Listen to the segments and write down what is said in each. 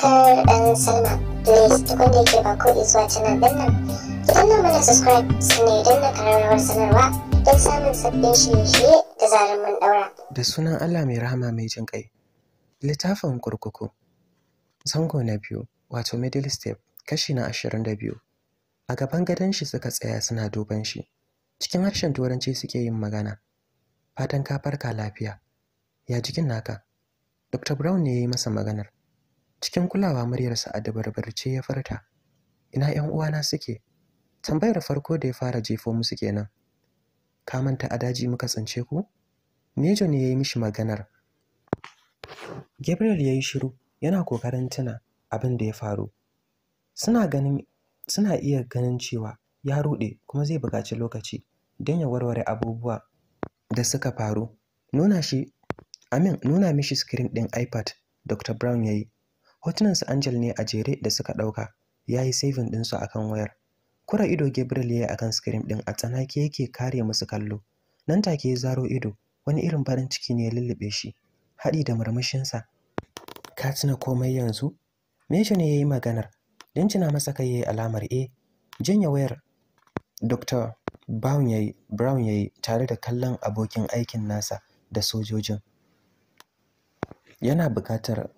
subscribe and sign up. Please tukun da yake ba ko zuwa canal din nan. Ki danna mana subscribe sannan don na sanarwa don samun sabbin shirye-shirye da zarar mun daura. Da sunan Allah mai rahama mai jin ƙai. Littafin kurkuku. Zango na biyu wato middle step kashi na ashirin da biyu. A gaban gadon shi suka tsaya suna duban shi. Cikin harshen turanci suke yin magana. Fatan ka farka lafiya. Ya jikin naka? Dr. Brown ne ya yi masa maganar. cikin kulawa muryarsa a dabarbarce ya farta ina yan uwana suke tambayar farko da ya fara jefo musu kenan ka manta a daji muka tsance ku nejo ne ya yi mishi maganar gabriel ya yi shiru yana kokarin tuna abin da ya faru suna iya ganin cewa ya ruɗe kuma zai buƙaci lokaci don ya warware abubuwa da suka faru nuna shi amin nuna mishi screen ɗin ipad dr brown ya yi hotunan su Angel ne a jere da suka dauka yayi saving din su akan wayar kura ido Gabriel yayi akan screen din a tsanake yake kare musu kallo nan take ya zaro ido wani irin farin ciki ne ya lullube shi Hadi da murmushin sa ka tuna komai yanzu Mejo ne yayi maganar dincina masa kai yayi alamar eh Jinya wayar Dr. Brown yayi Brown yayi tare da kallon abokin aikin nasa da sojojin yana buƙatar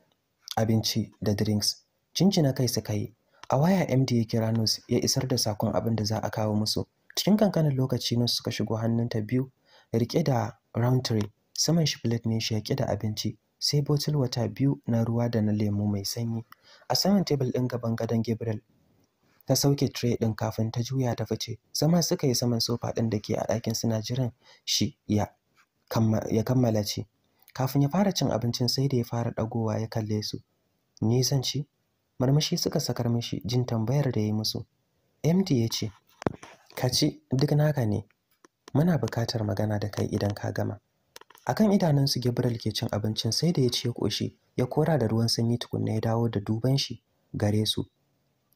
abinci da drinks jinjina kai suka yi a waya md ya kira nus ya isar da sakon abin da za a kawo musu cikin kankanin lokaci nus suka shigo hannunta biyu rike da round tray saman shi plate ne shi yake da abinci sai botul wata biyu na ruwa da na lemu mai sanyi a saman tebul ɗin gaban gadon gabriel ta sauke tray ɗin kafin ta juya ta fice zama suka yi saman sofa ɗin da ke a ɗakin suna jiran shi ya kammala ci Kafin ya fara cin abincin sai da ya fara dagowa ya kalle su. Ni zan ci? Marmashi suka sakar mishi jin tambayar da ya yi musu. MD ya ce, Ka ci duk naka ne, muna buƙatar magana da kai idan ka gama. Akan idanunsu Gabriel ke cin abincin sai da ya ce ya ƙoshi ya kora da ruwan sanyi tukunna ya dawo da duban shi gare su.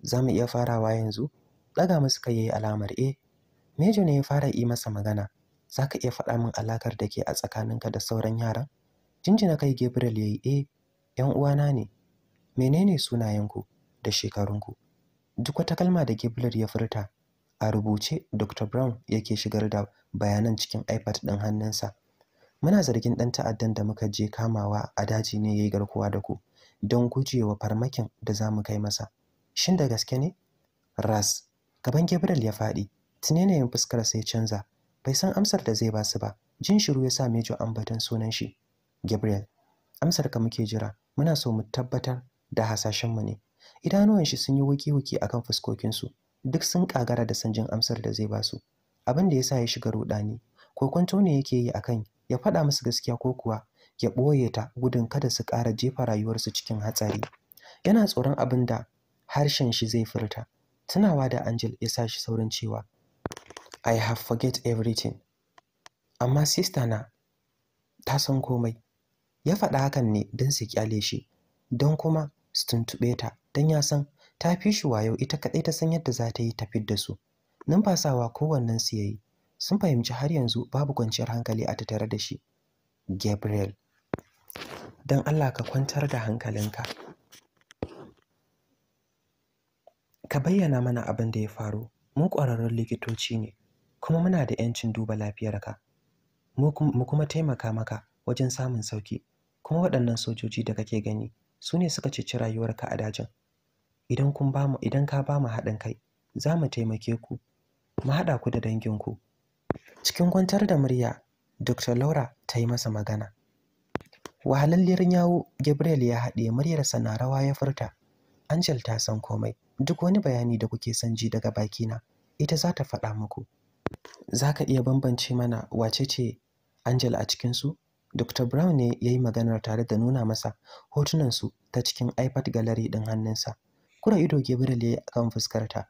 Za mu iya farawa yanzu? Ɗaga musu kai ya yi alamar e. Mejo ne ya fara yi masa magana. Za ka iya faɗa min alakar da ke a tsakaninka da sauran yaran? jinjina kai gabriel ya yi e eh, yan uwana ne menene sunayenku da shekarunku duk wata kalma da gabriel ya furta a rubuce dr brown yake shigar da bayanan cikin ipad ɗin hannunsa muna zargin ɗan ta'addan da muka je kamawa a daji ne ya yi garkuwa da ku don gujewa farmakin da za mu kai masa shin da gaske ne ras gaban gabriel ya faɗi yin fuskar sai canza bai san amsar da zai basu ba jin shiru ya sa mejo ambaton sunan shi Gabriel amsar ka muke jira muna so mu tabbatar da hasashen mu ne idanuwan shi sun yi wuki-wuki akan fuskokin su duk sun ƙagara da sanjin amsar da zai basu abin da sa ya shiga rudani kokonto ne yake yi akan ya faɗa musu gaskiya ko kuwa ya ɓoye ta gudun kada su ƙara jefa rayuwarsu cikin hatsari yana tsoron abin da harshen shi zai furta tunawa da Angel ya sa shi saurin cewa I have forget everything amma sista na ta san komai ya faɗa hakan ne don su kyale shi don kuma su tuntuɓe ta don ya san ta fi shi wayo ita kaɗai ta san yadda za ta yi tafi da su numfasawa kowannen su yi, sun fahimci har yanzu babu kwanciyar hankali a tattare da shi gabriel don allah ka kwantar da hankalinka ka bayyana mana abin da ya faru mu ƙwararrun likitoci ne kuma muna da 'yancin duba lafiyarka mu kuma taimaka maka wajen samun sauki kuma waɗannan sojoji da kake gani su ne suka ceci rayuwarka a dajin idan kun ba mu idan ka ba mu haɗin kai za mu taimake ku mu haɗa ku da danginku cikin kwantar da murya dr laura ta yi masa magana wahalalliyar yawo gabriel ya haɗe muryarsa na rawa ya furta angel ta san komai duk wani bayani da kuke son ji daga bakina ita za ta faɗa muku za ka iya bambance mana wace ce angel a cikinsu Dr. Brown ne ya yi maganar tare da nuna masa hotunansu ta cikin iPad gallery ɗin hannunsa. Kura ido Gabriel ya yi a kan fuskarta.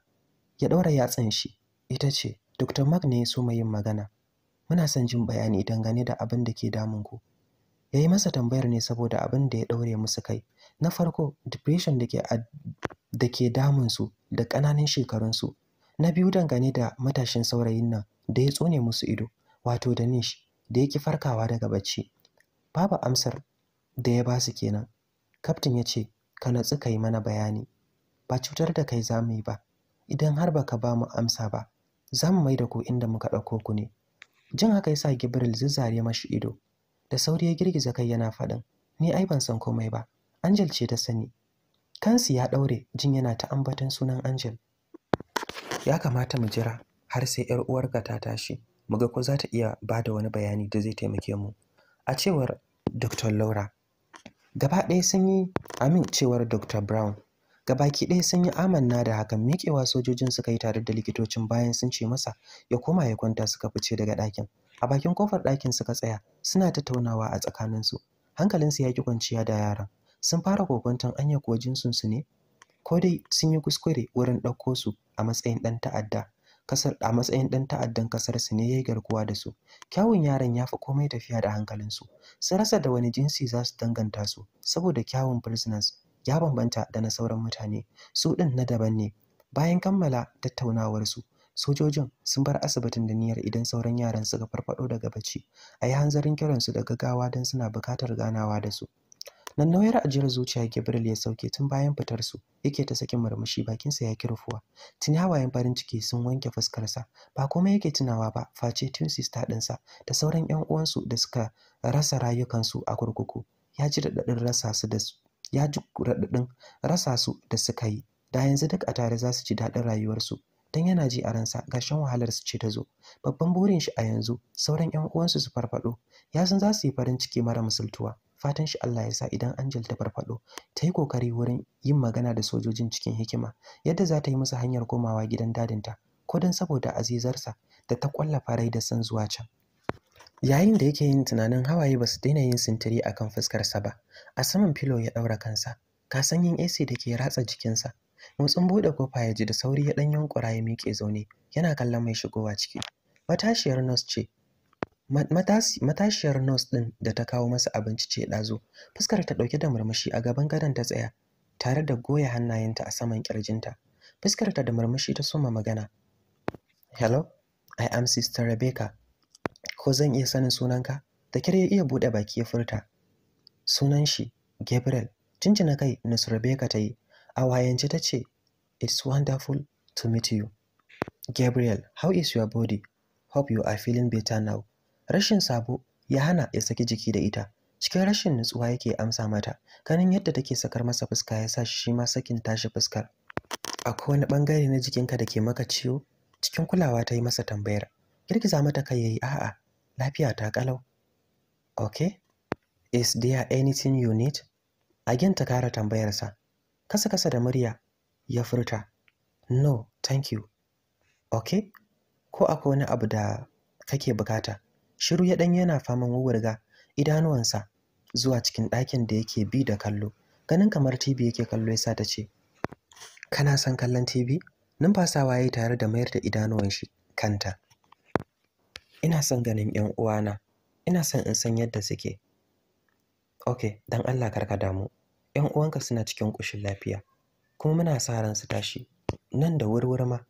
Ya ɗaura yatsan shi. Ita ce, Dr. Mark ne ya so mai yin magana. Muna son jin bayani dangane da abin da ke damun ku. Ya yi masa tambayar ne saboda abin da ya ɗaure musu kai. Na farko, depression da ke damunsu da ƙananan shekarunsu. Na biyu dangane da matashin saurayin nan da ya tsone musu ido, wato da shi. da yake farkawa daga bacci babu amsar da ya basu kenan kaftin ya ce ka natsu ka yi mana bayani ba cutar da kai za mu yi ba idan har ba ka ba mu amsa ba za mu mai da ku inda muka ɗauko ku ne jin haka ya sa gibril zizzare mashi ido da sauri ya girgiza kai yana faɗin ni ai ban san komai ba angel ce ta sani kansu ya ɗaure jin yana ta ambaton sunan angel ya kamata mu jira har sai 'yar uwarka ta tashi mu ga ko za ta iya ba da wani bayani da zai taimake mu a cewar dr laura gaba ɗaya sun yi amin dr brown gabaki ɗaya sun yi amanna da hakan miƙewa sojojin suka yi tare da likitocin bayan sun ce masa ya koma ya kwanta suka fice daga ɗakin a bakin kofar ɗakin suka tsaya suna tattaunawa a tsakaninsu hankalinsu ya ki kwanciya da yaran sun fara kokwanton anya kuwa su ne ko dai sun yi kuskure wurin ɗauko su a matsayin ɗan ta'adda kasar a matsayin ɗan ta'addan kasar su ne yayi garkuwa da su kyawun yaron ya fi komai tafiya da hankalinsu. su rasa da wani jinsi za su danganta su saboda kyawun prisoners ya bambanta da na sauran mutane su ɗin na daban ne bayan kammala tattaunawar su sojojin sun bar asibitin da niyyar idan sauran yaran suka farfado daga bacci a yi hanzarin kiransu da gaggawa don suna buƙatar ganawa da su nan nauyar ajiyar zuciya Gabriel ya sauke tun bayan fitar su yake ta sakin murmushi bakin sa ya ki rufuwa tuni hawayen farin ciki sun wanke fuskarsa ba komai yake tunawa ba face tun sister ɗinsa da sauran yan uwansu da suka rasa rayukansu a kurkuku ya ji dadadin rasa su da ya ji dadadin rasa su da suka yi da yanzu duk a tare za su ji daɗin rayuwarsu dan yana ji a ransa gashin wahalar su ce ta zo babban burin shi a yanzu sauran yan uwansu su farfado ya san za su yi farin ciki mara misaltuwa fatan shi Allah ya sa idan Angel ta farfado ta yi kokari wurin yin magana da sojojin cikin hikima yadda za ta yi musu hanyar komawa gidan dadinta ko don saboda azizarsa da ta kwalla farai da san zuwa can yayin da yake yin tunanin hawaye ba su daina yin sintiri a kan fuskarsa ba a saman filo ya daura kansa ka san yin AC da ke ratsa jikinsa motsin buɗe kofa ya ji da sauri ya ɗan yunkura ya miƙe zaune yana kallon mai shigowa ciki matashiyar nurse ce matashiyar nurse ɗin da ta kawo masa abinci ce ɗazu fuskar ta ɗauke da murmushi a gaban gadon ta tsaya tare da goya hannayenta a saman ƙirjinta fuskar ta da murmushi ta soma magana hello i am sister rebecca ko zan iya sanin sunanka da kyar ya iya buɗe baki ya furta sunan shi gabriel cincina kai nus rebecca ta yi a wayance ta ce it's wonderful to meet you gabriel how is your body hope you are feeling better now rashin sabo ya hana ya saki jiki da ita cikin rashin nutsuwa yake amsa mata ganin yadda take sakar masa fuska ya sa shi ma sakin tashi fuskar akwai wani bangare na jikinka da ke maka ciwo cikin kulawa ta yi masa tambayar girgiza mata kai yayi a'a lafiya ta kalau okay is there anything you need again ta kara tambayarsa kasa kasa da murya ya furta no thank you okay ko akwai wani abu da kake bukata shiru ya ɗan yana faman wurga idanuwansa zuwa cikin ɗakin da yake bi da kallo ganin kamar tv yake kallo ya sa ta ce kana son kallon tv numfasawa ya yi tare da mayar da idanuwan shi kanta ina son ganin yan uwana ina son in san yadda suke ok dan allah karka damu yan uwanka suna cikin ƙushin lafiya kuma muna sa ran su tashi nan da wurwurma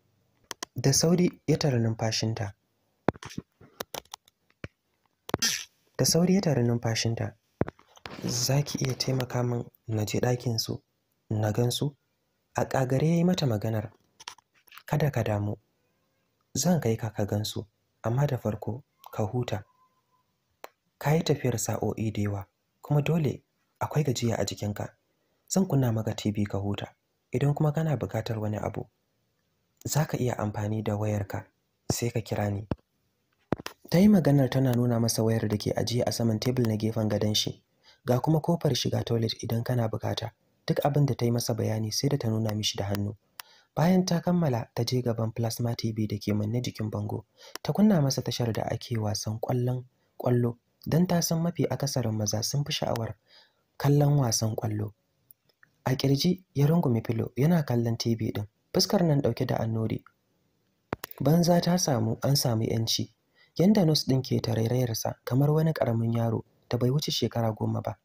da sauri ya tara numfashinta da sauri ya taru numfashinta za ki iya taimaka min na je ɗakinsu na gansu a ƙagare ya yi mata maganar kada ka damu zan kai ka ka gansu amma da farko ka huta ka yi tafiyar sa'o'i da yawa kuma dole akwai gajiya a jikinka zan kunna maka tv ka huta idan kuma kana buƙatar wani abu za ka iya amfani da wayarka sai ka kira ni ta yi maganar tana nuna masa wayar da ke ajiye a saman tebul na gefen gadon shi ga kuma kofar shiga toilet idan kana bukata duk abin da ta yi masa bayani sai da ta nuna mishi da hannu bayan ta kammala ta je gaban plasma tv da ke manne jikin bango ta kunna masa tashar da ake wasan kwallon kwallo don ta san mafi akasarin maza sun fi sha'awar kallon wasan kwallo a ƙirji ya rungumi filo yana kallon tv ɗin. fuskar nan ɗauke da annori banza ta samu an samu yanci Yanda Nus ɗin ke tarairayarsa kamar wani ƙaramin yaro da bai wuce shekara goma ba.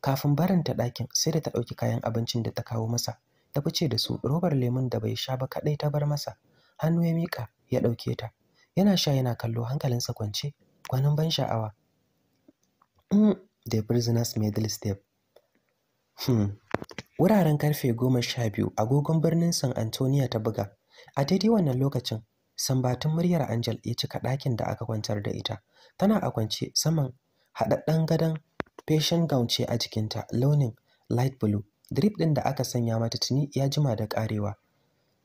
Kafin barin ta ɗakin sai da ta ɗauki kayan abincin da ta kawo masa, ta fice da su robar lemun da bai sha ba kaɗai ta bar masa. Hannu ya mika." ya ɗauke ta. Yana sha yana kallo hankalinsa kwance, gwanin ban sha'awa. Hmm, the prisoners middle step. Hmm. Wuraren karfe goma sha biyu agogon birnin San Antonio ta buga. A daidai wannan lokacin Sambatun muryar Angel ya cika ɗakin da aka kwantar da ita. Tana a kwance saman haɗaɗɗen gadon fashion gown ce a jikinta launin light blue. Drip ɗin da aka sanya mata tuni ya jima da ƙarewa.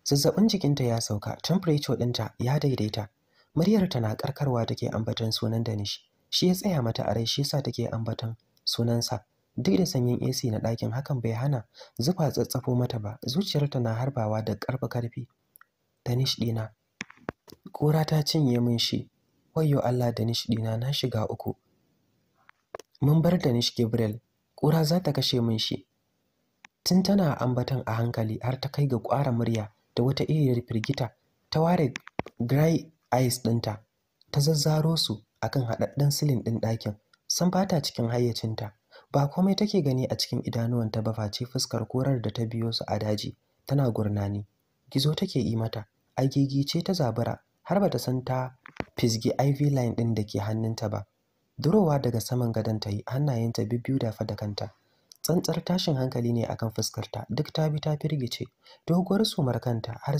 Zazzaɓin jikinta ya sauka, temperature ɗinta ya daidaita. Muryar ta na karkarwa take ambaton sunan Danish. Shi ya tsaya mata a rai shi yasa take ambaton sunansa. Duk da sanyin AC na ɗakin hakan bai hana zufa tsatsafo mata ba. Zuciyarta na harbawa da ƙarfi ƙarfi. Danish ɗina, ƙura ta cinye min shi wayyo Allah da nish ɗina na shiga uku mun bar da nishi Gabriel ƙura za ta kashe min shi tun tana ambatan a hankali har ta kai ga ƙwara murya da wata iriyar firgita ta ware gray eyes ɗinta ta zazzaro su akan haɗaɗɗen silin ɗin ɗakin san fata cikin hayyacinta ba komai take gani a cikin idanuwanta ba face fuskar korar da ta biyo su a daji tana gurnani gizo take yi mata a ce ta zabura har ba ta san ta fisgi IV line ɗin da ke hannunta ba. Durowa daga saman gadon ta yi hannayenta bibbiyu dafa da kanta. Tsantsar tashin hankali ne akan fuskarta duk ta bi ta firgice doguwar sumar kanta har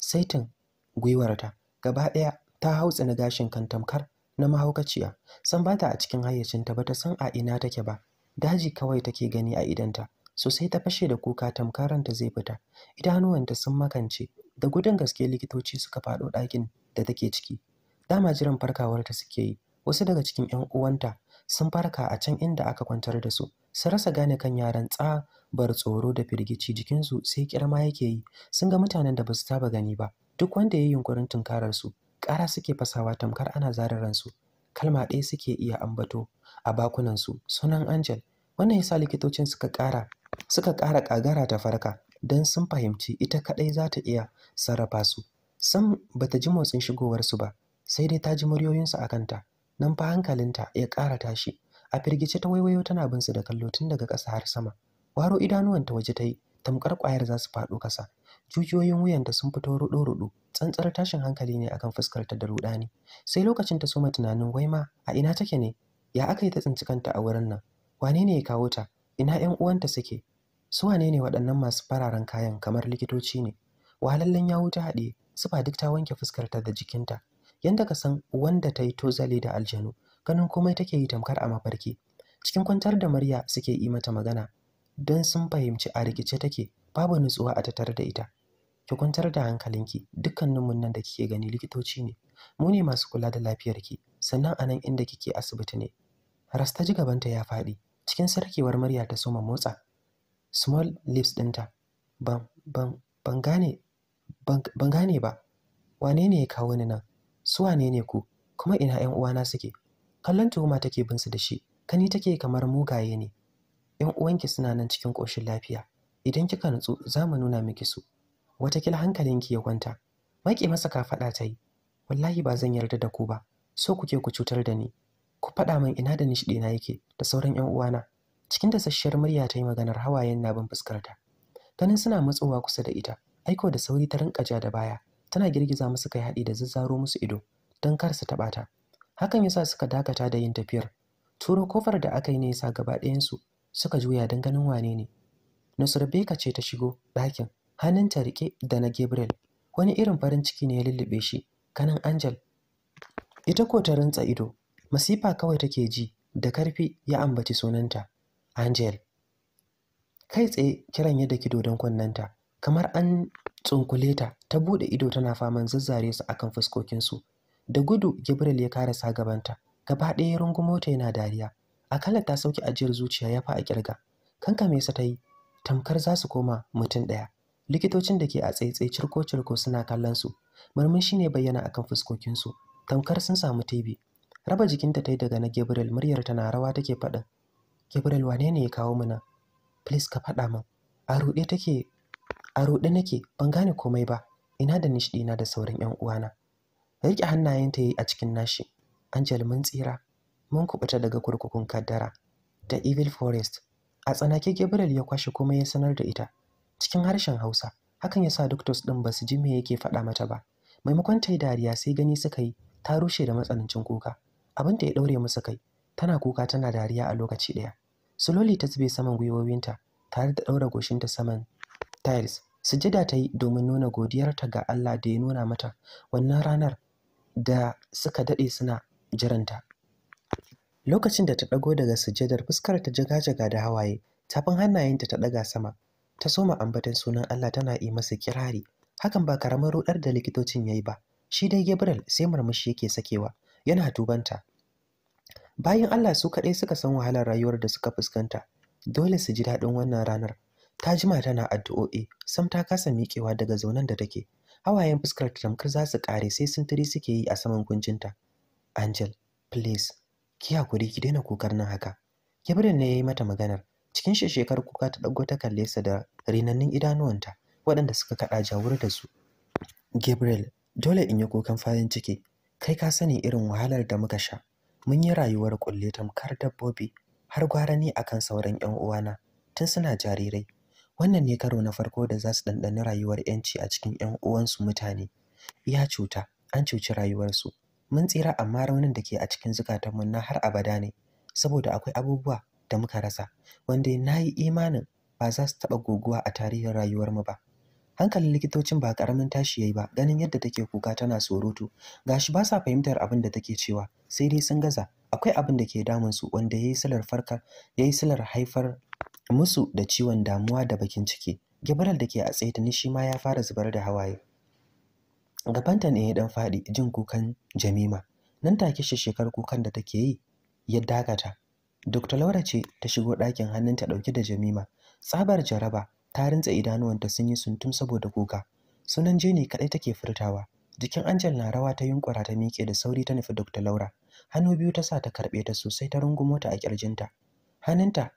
saitin gwiwarta gaba ɗaya ta hau tsina gashin kan tamkar na mahaukaciya san ba ta a cikin hayyacinta ba ta san a ina take ba daji kawai take gani a idanta sosai ta fashe da kuka tamkaranta zai fita idanuwanta sun makance da gudun gaske likitoci suka faɗo ɗakin da take ciki dama jiran farkawarta suke yi wasu daga cikin 'yan uwanta sun farka a can inda aka kwantar da su Su rasa gane kan yaran tsabar tsoro da firgici jikinsu sai kirma yake yi sun ga mutanen da basu su taba gani ba duk wanda ya yi yunkurin tunkarar su ƙara suke fasawa tamkar ana zarar ransu kalma ɗaya suke iya ambato a su. sunan angel wannan yasa likitocin suka ƙara suka ƙara ƙagara ta farka don sun fahimci ita kaɗai za ta iya sarrafa su. Sam ba ta ji motsin shigowarsu ba, sai dai ta ji muryoyinsu a kanta, nan fa hankalinta ya ƙara tashi. A firgice ta waiwayo tana bin su da kallo tun daga ƙasa har sama. Waro idanuwanta waje ta yi, tamkar ƙwayar za su faɗo ƙasa. Jujiyoyin wuyanta sun fito ruɗo-ruɗo, tsantsar tashin hankali ne akan fuskarta da ruɗani. Sai lokacin ta soma tunanin wai ma a ina take ne? Ya aka yi ta tsinci kanta a wurin nan? Wane ne ya kawo ta? Ina 'yan uwanta suke? su wane ne waɗannan masu fararen kayan kamar likitoci ne wahalallen ya wuta haɗe Su ba duk ta wanke fuskarta da jikinta yanda ka san wanda ta yi tozali da aljanu ganin komai take yi tamkar a mafarki cikin kwantar da murya suke yi mata magana don sun fahimci a rikice take babu nutsuwa a tattare da ita ki kwantar da hankalinki dukkaninmu nan da kike gani likitoci ne mu ne masu kula da lafiyarki sannan a nan inda kike asibiti ne rasta ji gabanta ya faɗi cikin sarkewar murya ta soma motsa small lips ɗinta ban gane ba wane ne ya kawo ni nan su wane ne ku kuma ina 'yan uwana suke kallon tuhuma take bin su da shi kani take kamar mugaye ne 'yan uwanki suna nan cikin ƙoshin lafiya idan kika nutsu za mu nuna miki su watakila hankalinki ya kwanta maƙe masa ka faɗa ta yi wallahi ba zan yarda da ku ba so kuke ku cutar da ni ku faɗa min ina da nishaɗi na yake da sauran yan uwana cikin dasasshiyar murya ta yi maganar hawayen na bin fuskarta ganin suna matsowa kusa da ita aiko da sauri ta rinka ja da baya tana girgiza musu kai haɗi da zazzaro musu ido don kar su taɓa ta hakan yasa suka dakata da yin tafiyar turo kofar da aka yi ne yasa gaba ɗayansu suka juya don ganin wane ne Nusrbeka ce ta shigo ɗakin hannunta riƙe da na Gabriel wani irin farin ciki ne ya lullube shi kanan Angel ita ko ta rantsa ido masifa kawai take ji da karfi ya ambaci sunanta Angel. Kai tsaye kiran yadda ki dodon kunnenta, kamar an tsunkule ta ta buɗe ido tana faman zazzare su akan fuskokinsu. Da gudu Gabriel ya kare sa gabanta, gaba ɗaya rungumo ta yana dariya. Akalla ta sauki ajiyar zuciya ya fa a kirga. me sa ta yi, tamkar za su koma mutum ɗaya. Likitocin da ke a tsaitsaye cirko-cirko suna kallon su, murmushi ne bayyana akan fuskokinsu, tamkar sun samu tebi. Raba jikinta ta yi daga na Gabriel muryar tana rawa take faɗin, Gabriel wane ne ya kawo mana Please ka faɗa min. A ruɗe take a ruɗe nake ban gane komai ba. Ina da nishiɗi na da sauran 'yan uwana. Riƙe ya yi a cikin nashi. Angel mun tsira. Mun kubuta daga kurkukun kaddara da Evil Forest. A tsanake Gabriel ya kwashe kuma ya sanar da ita cikin harshen Hausa. Hakan ya sa doctors ɗin ba su ji me yake faɗa mata ba. Maimakon ta yi dariya sai gani suka yi ta rushe da matsanancin kuka. Abin da ya ɗaure musu kai tana kuka tana dariya a lokaci ɗaya slowly ta zube saman gwiwowinta tare da ɗaura goshinta saman tiles sujada ta yi domin nuna godiyarta ga Allah da ya nuna mata wannan ranar da suka daɗe suna jiranta lokacin da ta ɗago daga sujadar fuskar ta jaga-jaga da hawaye tafin hannayenta ta ɗaga sama ta soma ambatan sunan Allah tana yi masa kirari hakan ba karamin rudar da likitocin ya yi ba shi dai Gabriel sai murmushi yake sakewa yana tubanta bayan Allah su kaɗai suka san wahalar rayuwar da suka fuskanta dole su ji daɗin wannan ranar ta jima tana addu'o'i sam ta kasa miƙewa daga zaunan da take hawayen fuskar ta tamkar za su ƙare sai sintiri suke yi a saman kuncinta angel please ki hakuri ki daina kokar nan haka kibirin ne ya yi mata maganar cikin shekar kuka ta ɗago ta kalle sa da rinannun idanuwanta waɗanda suka kaɗa jawur da su gabriel dole in yi kukan farin ciki kai ka sani irin wahalar da muka sha mun yi rayuwar kulle tamkar dabbobi har gwara ni akan sauran 'yan uwana tun suna jarirai wannan ne karo na farko da za su ɗanɗani rayuwar 'yanci a cikin 'yan uwansu mutane Ya cuta an cuci rayuwarsu mun tsira amma raunin da ke a cikin zukatanmu na har abada ne saboda akwai abubuwa da muka rasa wanda na yi imanin ba za su taɓa guguwa a tarihin rayuwarmu ba hankalin likitocin ba karamin tashi yayi ba ganin yadda take kuka tana surutu gashi ba sa fahimtar abin da take cewa sai dai sun gaza akwai abin da ke damun su wanda yayi silar farka yayi silar haifar musu da ciwon damuwa da bakin ciki Gibiral da ke a tsaye tuni shi ma ya fara zubar da hawaye gabanta ne ya dan faɗi jin kukan Jamima nan take shi shekar kukan da take yi ya dakata Dr. Laura ce ta shigo ɗakin hannunta ɗauke da Jamima. Tsabar jaraba ta rinza idanuwanta sun yi suntum saboda kuka sunan jeni kaɗai take furtawa jikin angel na rawa ta yunkura ta miƙe da sauri ta nufi dr laura hannu biyu ta sa ta karɓe ta sosai ta rungumo ta a ƙirjinta hannunta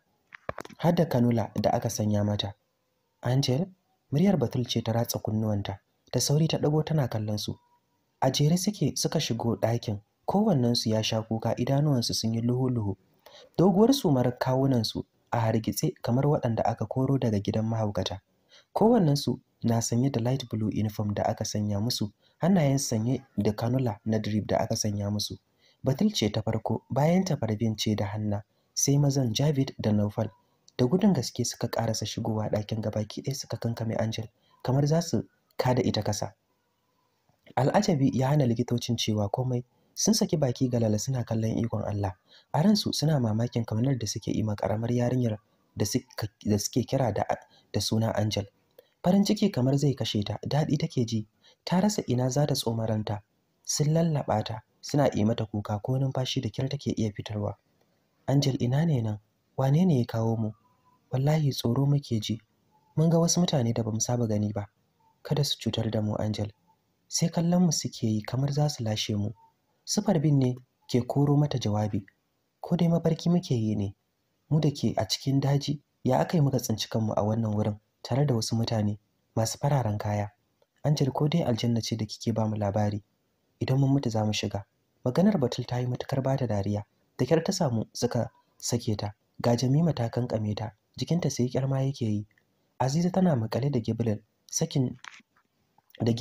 har da kanula da aka sanya mata angel muryar batul ce ta ratsa kunnuwanta da sauri ta ɗago tana kallon su a jere suke suka shigo ɗakin kowannensu ya sha kuka idanuwansu sun yi luhu-luhu doguwar sumar kawunansu a hargitse kamar waɗanda aka koro daga gidan mahaukata kowannensu na sanye da light blue uniform da aka sanya musu hannayen sanye da kanula na drip da aka sanya musu batil ce ta farko bayan ta farbin ce da hanna sai mazan javid da naufal da gudun gaske suka karasa shigowa ɗakin gabaki ɗaya suka kankame angel kamar za su kada ita kasa al'ajabi ya hana likitocin cewa komai sun saki baki galala suna kallon ikon Allah a ransu suna mamakin kaunar da suke yi karamar yarinyar da suke kira da suna Angel farin ciki kamar zai kashe ta daɗi take ji ta rasa ina za ta tsomaranta sun lallaba ta suna yi mata kuka ko numfashi da kyar take iya fitarwa Angel ina ne nan wane ne ya kawo mu wallahi tsoro muke ji mun ga wasu mutane da bamu saba gani ba kada su cutar da mu Angel sai kallon mu suke yi kamar za su lashe mu Sifar bin ne ke koro mata jawabi ko dai mafarki muke yi ne mu da ke a cikin daji ya aka yi muka tsinci kanmu a wannan wurin tare da wasu mutane masu fararen kaya an ko dai aljanna ce da kike ba mu labari idan mun mutu za mu shiga maganar batul ta yi matukar bata dariya da kyar ta samu suka sake ta ga jamima ta kankame ta jikinta sai kyar ma yake yi aziza tana makale da gabriel sakin da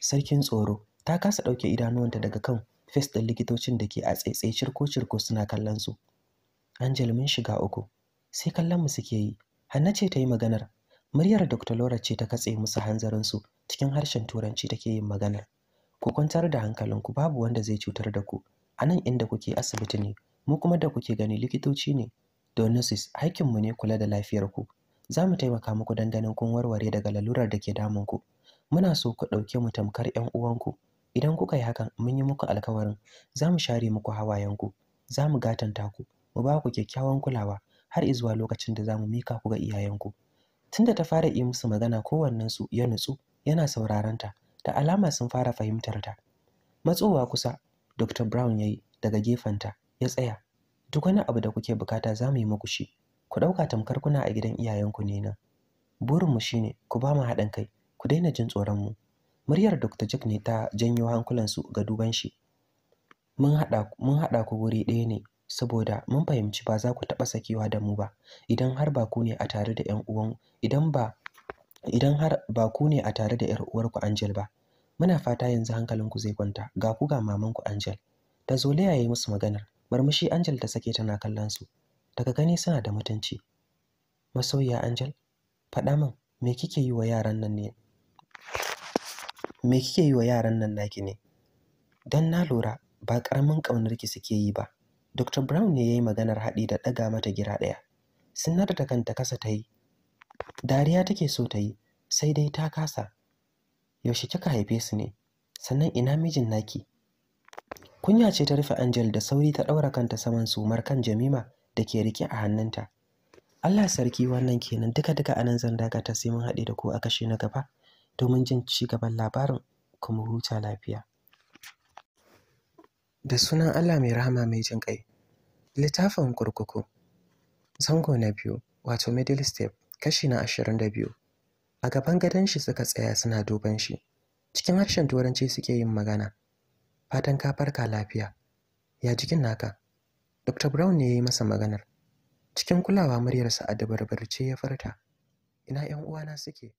sarkin tsoro ta kasa ɗauke idanuwanta daga kan fes ɗin likitocin da ke a tsaitsaye cirko-cirko suna kallon su angel mun shiga uku sai kallon mu suke yi hanna ce ta yi maganar muryar dr laura ce ta katse musu hanzarin su cikin harshen turanci take yin maganar ku kwantar da hankalinku babu wanda zai cutar da ku a nan inda kuke asibiti ne mu kuma da kuke gani likitoci ne donosis haƙƙinmu ne kula da lafiyarku za mu taimaka muku don ganin kun warware daga lalurar da ke damunku muna so ku ɗauke mu tamkar 'yan uwanku idan kuka yi hakan mun yi muku alkawarin za mu share muku hawayenku za mu gatanta ku mu ba ku kyakkyawan kulawa har izuwa lokacin da za mu mika ku ga iyayenku tunda ta fara yi musu magana kowannensu ya nutsu yana sauraron da alama sun fara fahimtar ta matsowa kusa dr brown ya yi daga gefenta ya tsaya duk wani abu da kuke bukata za mu yi muku shi ku ɗauka tamkar kuna a gidan iyayenku ne nan burinmu shine ku ba mu haɗin kai ku daina jin tsoronmu muryar dr jack ne ta janyo hankulansu ga duban shi mun haɗa ku wuri ɗaya ne saboda mun fahimci ba za ku taɓa sakewa da mu ba idan har ba ku ne a tare da ƴan uwan idan ba idan har ba ku ne a tare da ƴar uwarku Angel ba muna fata yanzu hankalinku zai kwanta ga ku ga mamanku Angel ta ya yi musu maganar murmushi Angel ta sake tana kallon su daga gani suna da mutunci masoyiya Angel faɗa min me kike yi wa yaran nan ne me kike yi wa yaran nan naki ne dan na lura ba karamin kaunar ki suke yi ba Dr. Brown ne yayi maganar haɗi da ɗaga mata gira ɗaya sinar da kanta kasa ta yi dariya take so ta yi sai dai ta kasa yaushe kika haife su ne sannan ina mijin naki kunya ce ta rufe Angel da sauri ta ɗaura kanta saman sumar kan Jamima da ke rike a hannunta Allah sarki wannan kenan duka duka anan zan dakata sai mun haɗe da ku a kashe na gaba domin jin ci gaban labarin kuma huta lafiya da sunan Allah mai rahama mai jin ƙai littafin kurkuku zango na biyu wato middle step kashi na ashirin da biyu a gaban gadon shi suka tsaya suna duban shi cikin harshen turanci suke yin magana fatan ka farka lafiya ya jikin naka dr brown ne ya yi masa maganar cikin kulawa muryarsa a dabarbarce ya furta ina 'yan uwana suke